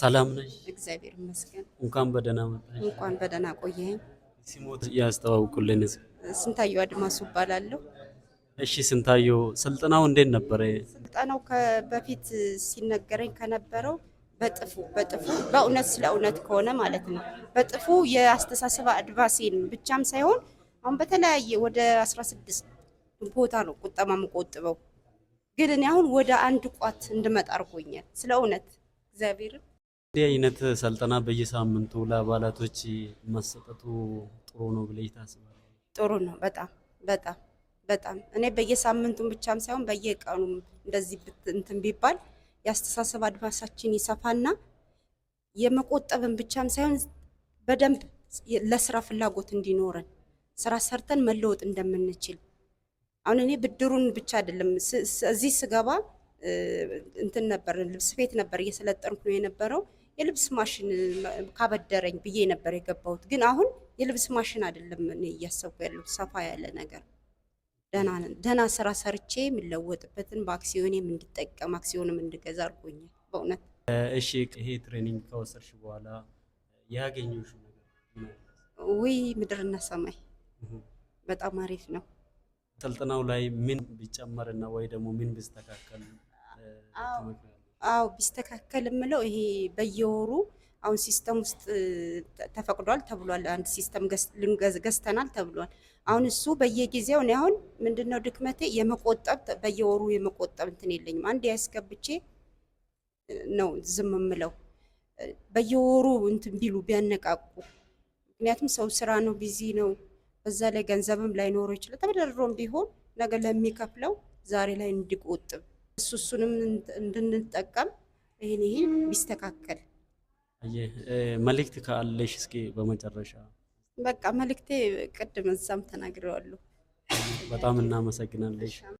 ሰላም ነሽ? እግዚአብሔር ይመስገን። እንኳን በደህና መጣሽ። እንኳን በደህና ቆየኝ። ሲሞት ያስተዋውቁልን። ስንታየው አድማሱ እባላለሁ። እሺ ስንታየው፣ ስልጠናው እንዴት ነበረ? ስልጠናው በፊት ሲነገረኝ ከነበረው በጥፉ በጥፉ በእውነት ስለ እውነት ከሆነ ማለት ነው በጥፉ የአስተሳሰብ አድቫሴን ብቻም ሳይሆን አሁን በተለያየ ወደ 16 ቦታ ነው ቁጠማ የምቆጥበው፣ ግን እኔ አሁን ወደ አንድ ቋት እንድመጣ አድርጎኛል። ስለ እውነት እግዚአብሔርን እንዲህ አይነት ስልጠና በየሳምንቱ ለአባላቶች መሰጠቱ ጥሩ ነው ብለሽ ታስባለሽ? ጥሩ ነው። በጣም በጣም በጣም እኔ በየሳምንቱ ብቻም ሳይሆን በየቀኑም እንደዚህ እንትን ቢባል የአስተሳሰብ አድማሳችን ይሰፋና የመቆጠብን ብቻም ሳይሆን በደንብ ለስራ ፍላጎት እንዲኖረን ስራ ሰርተን መለወጥ እንደምንችል አሁን እኔ ብድሩን ብቻ አይደለም እዚህ ስገባ እንትን ነበር ልብስ ቤት ነበር እየሰለጠንኩ ነው የነበረው። የልብስ ማሽን ካበደረኝ ብዬ ነበር የገባሁት። ግን አሁን የልብስ ማሽን አይደለም እኔ እያሰብኩ ያለሁት ሰፋ ያለ ነገር ደህና ስራ ሰርቼ የምለወጥበትን በአክሲዮኔም እንድጠቀም አክሲዮንም እንድገዛ አድርጎኛል በእውነት። እሺ ይሄ ትሬኒንግ ከወሰድሽ በኋላ ያገኘሽ ነገር? ውይ ምድርና ሰማይ በጣም አሪፍ ነው። ስልጠናው ላይ ምን ቢጨመርና ወይ ደግሞ ምን ቢስተካከል አዎ ቢስተካከል የምለው ይሄ በየወሩ አሁን ሲስተም ውስጥ ተፈቅዷል ተብሏል። አንድ ሲስተም ገዝተናል ተብሏል። አሁን እሱ በየጊዜው እኔ አሁን ምንድነው ድክመቴ የመቆጠብ በየወሩ የመቆጠብ እንትን የለኝም። አንድ ያስገብቼ ነው ዝም የምለው። በየወሩ እንትን ቢሉ ቢያነቃቁ፣ ምክንያቱም ሰው ስራ ነው ቢዚ ነው። በዛ ላይ ገንዘብም ላይኖረው ይችላል። ተበደሮም ቢሆን ነገ ለሚከፍለው ዛሬ ላይ እንዲቆጥብ እሱ እሱንም እንድንጠቀም ይህን ይህን ቢስተካከል መልእክት ካለሽ እስኪ በመጨረሻ በቃ መልእክቴ ቅድም እዛም ተናግሬዋለሁ። በጣም እናመሰግናለሽ።